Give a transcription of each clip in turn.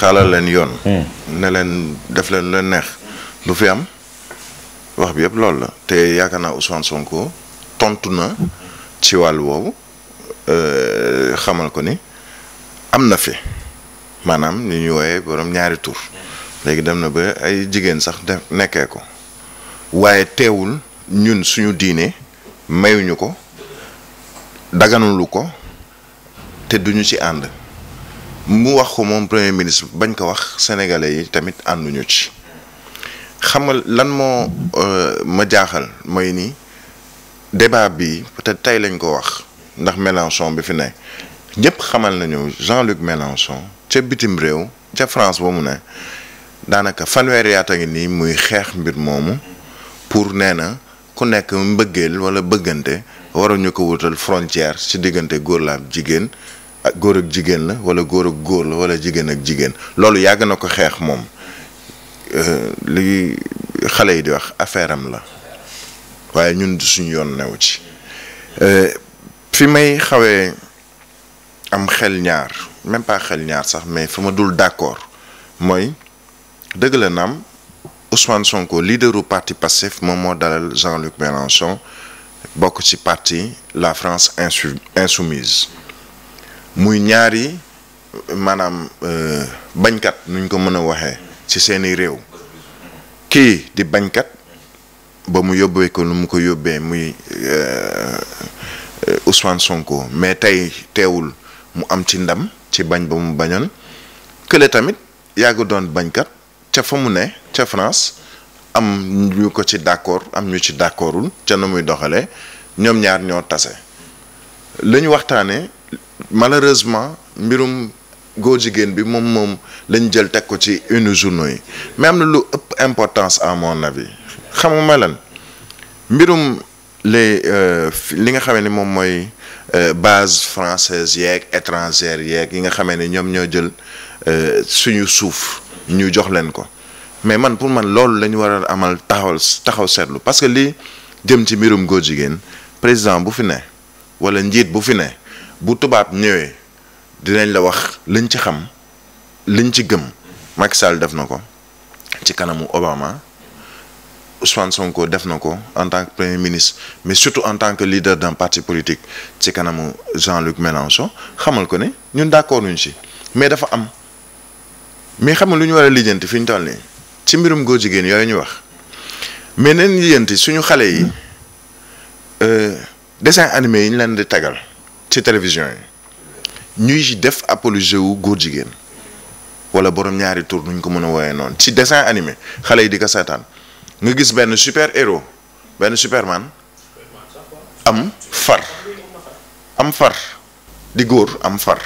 xaalal leen yoon. Hmm. ne leen def leen leen neex du fi am wax bi yëpp loolu la te yaakaar naa Ousmane Sonko tontu na ci wàll woowu euh, xamal ko ni am na fi maanaam ñu ñuy wooyee borom ñaari tur léegi dem na ba ay jigéen sax def nekkee ko waaye teewul ñun suñu diine mayuñu ko daganulu ko te duñu ci ànd. mu wax ko moom premier ministre bañ ko wax sénégalais yi tamit ànduñu ci xam lan moo euh, ma jaaxal mooy ni débat bi peut-être tey lañ ko wax ndax Mélenchon bi fi ne ñëpp xamal nañu Jean-Luc Mélenchon ca bitim réew ca France ba mu ne daanaka fanweeri a ngi nii muy xeex mbir moomu pour nee na ku nekk mbëggeel wala bëggante ñu ko wutal frontière ci diggante góor la jigéen ak ah, góor ak jigéen la wala góor ak góor la wala jigéen ak jigéen loolu yàgg na ko xeex moom euh, li xale yi di wax affaire am la waaye ñun du suñu yoon new ci euh, fi may xawee am xel ñaar même pas xel ñaar sax mais fa ma dul d'accord mooy dëgg la naam Ousmane Sonko leaderu parti Pastef moom moo dalal Jean-Luc Mélenchon bokk ci parti la France insoumise muy ñaari maanaam euh, bañkat nuñ ko mën a waxee ci seeni réew kii di bañkat ba mu yóbbee ko lu mu ko yóbbee muy euh, euh, Ousmane Sonko mais tey teewul mu am ci ndam ci bañ ba mu bañoon kële tamit yàgg doon bañkat ca fa mu ne ca France am ñu ko ci d'accord am ñu ci d'accordul ca na muy doxalee ñoom ñaar ñoo tase lañu waxtaanee malheureusement mbirum góor jigéen bi moom moom lañ jël teg ko ci une journée yi mais am na lu ëpp importance à mon avis xam ma leen mbirum les euh, li nga xamee ni moom mooy euh, base française yeeg étrangère yeeg yi nga xamee ni ñoom ñoo jël euh, suñu suuf ñu jox leen ko mais man pour man loolu la ñu war a amal taxaw taxaw seetlu parce que lii jëm ci mbirum góor jigéen président bu fi ne wala njiit bu fi ne bu tubaab ñëwee dinañ la wax liñ ci xam liñ ci gëm Macky Sall def na ko ci kanamu Obama Ousmane Sonko def na ko en tant que premier ministre mais surtout en tant que leader d'un parti politique ci kanamu Jean-Luc Mélenchon xamal ko ne ñun d'accord nuñ si mais dafa am mais xam nga lu ñu war a lijjanti fi ñu toll nii ci mbirum góor jigéen yooyu ñu wax mais neen lijjanti suñu xale yi euh, dessin animé yi ñu leen di tagal. ci télévision yi ñuy def apologie wu góor jigéen wala boroom ñaari tour nuñ ko mën a woowee noonu ci dessin animé xale yi di ko seetaan nga gis benn super héros benn superman am far am far di góor am far.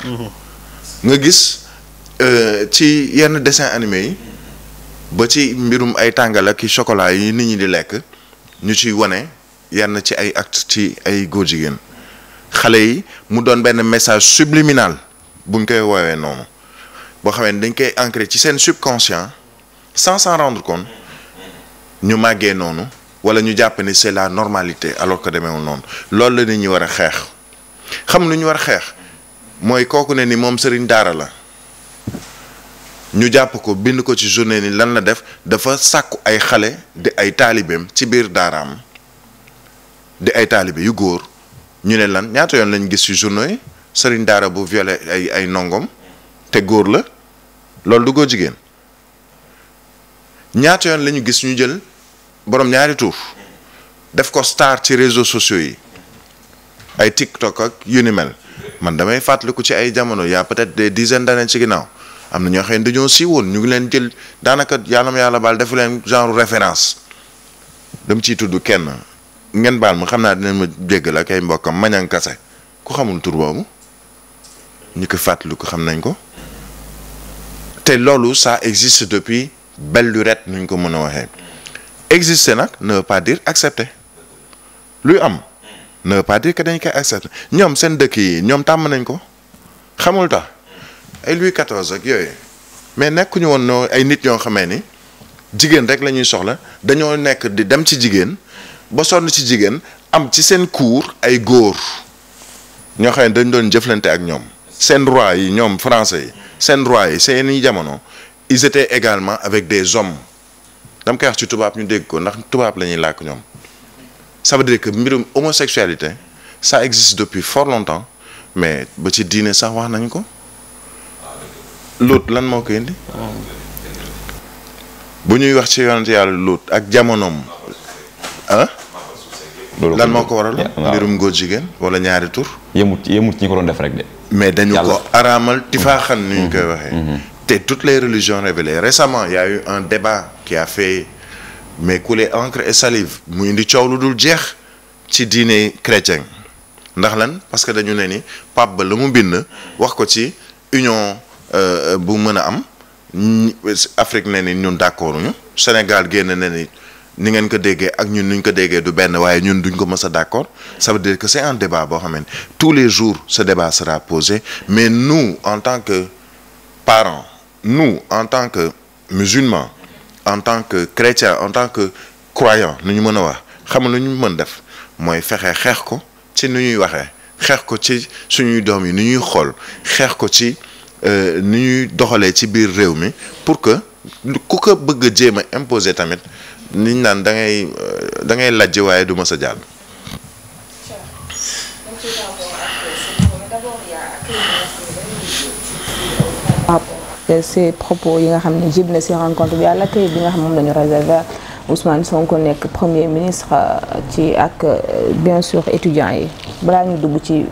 nga gis euh, ci yenn dessin animé yi ba ci mbirum ay tàngal ak chocolat yi nit ñi di lekk ñu ci wone yenn ci ay acte ci ay góor jigéen. xale yi mu doon benn message subliminal buñ koy woowee noonu boo xamee dañ koy ancré ci seen subconscient sans s'en rendre compte ñu màggee noonu wala ñu jàpp ni c'est la normalité alors que demeewul noonu loolu la nit ñi war a xeex xam lu ñu war a xeex mooy kooku ne ni moom sëriñ daara la ñu jàpp ko bind ko ci journée ni lan la def dafa sàkku ay xale di ay taalibeem ci biir daaraam di ay taalibe yu góor ñu ne lan ñaata yoon lañu gis ci journaux yi daara bu violé ay ay nongom te góor la loolu du góor jigéen ñaata yoon lañu gis ñu jël borom ñaari tuuf def ko star ci réseau sociaux yi ay TikTok ak yu ni mel man damay fàttaliku ci ay jamono yaa peut-être des dizaines d'années ci ginnaaw am na ñoo xam ne dañoo siiwoon ñu ngi leen jël daanaka yàlla ma yàlla baal defu leen genre référence dama ciy tudd kenn. ngeen baal mu xam naa dinañ ma jéggal ak ay mbokkam Mañang Kassé ku xamul tour boobu ñu ko fàttali ko xam nañ ko te loolu sa existe depuis belle lurette nuñ ko mën a waxee exister nag ne veut pas dire accepter luy am ne veut pas dire que dañ koy accepter ñoom seen dëkk yi ñoom tàmm nañ ko xamul tax ay Louis XIV ak yooyu mais nekkuñu woon ay nit ñoo xamee ni jigéen rek la ñuy soxla dañoo nekk di dem ci jigéen. ba sonn ci jigéen am ci seen cour ay góor ñoo xam ne dañ doon jëflante ak ñoom seen roi yi ñoom français yi seen roi yi seeni jamono ils étaient également avec des hommes dama koy wax ci tubaab ñu dégg ko ndax tubaab la ñuy làkk ñoom ça veut dire que mbirum homosexualité ça existe depuis fort longtemps mais ba ci diine sax wax nañ ko Lóot lan moo ko indi bu ñuy wax ci yonent yàlla Lóot ak jamonoom ah loolu lan moo ko waral mbirum góor jigéen wala ñaari tour tur yëmut yëmut ñu ko doon def rek de mais dañu ko araamal tifaaxan ni ñu mm-hmm. koy waxee mm-hmm. te toutes les religions révélées récemment y a eu un débat qui a fait mais couler encre et salive mu indi coow lu dul jeex ci diine chrétien ndax lan parce que dañu ne nii pape ba la mu bind wax ko ci union euh, bu mën a am Afrique ne nii ñun d'accorduñu Sénégal génn ne ni ni ngeen ko déggee ak ñu nu ñu ko déggee du benn waaye ñun duñ ko mës a d'accord ça veut dire que c'est un débat boo xam ne tous les jours ce débat sera posé mais nu en tant que parent nu en tant que musulmans en tant que chrétiens en tant que croyants nu ñu mën a wax xam nu ñu mën def mooy fexe xeex ko ci nu ñuy waxee xeex ko ci suñuy doom yi nu ñuy xool xeex ko ci euh, nu ñuy doxalee ci biir réew mi pour que ku ko bëgg a jéem a imposer tamit liñ naan dangay dangay da euh, lajj waaye du ma sa jàll. Euh, ces propos yi nga xam ne jib na si rencontre bi yàlla tey bi nga xam moom dañu réserver Ousmane Sonko nekk premier ministre euh, ci ak bien sûr étudiants yi balaa ñu dugg ci